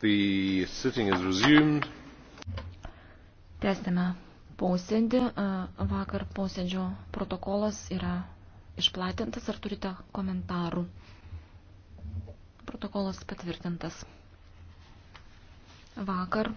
The sitting is resumed. Tęsime posėdį. Vakar posėdžio protokolas yra išplatintas. Ar turite komentarų? Protokolas patvirtintas. Vakar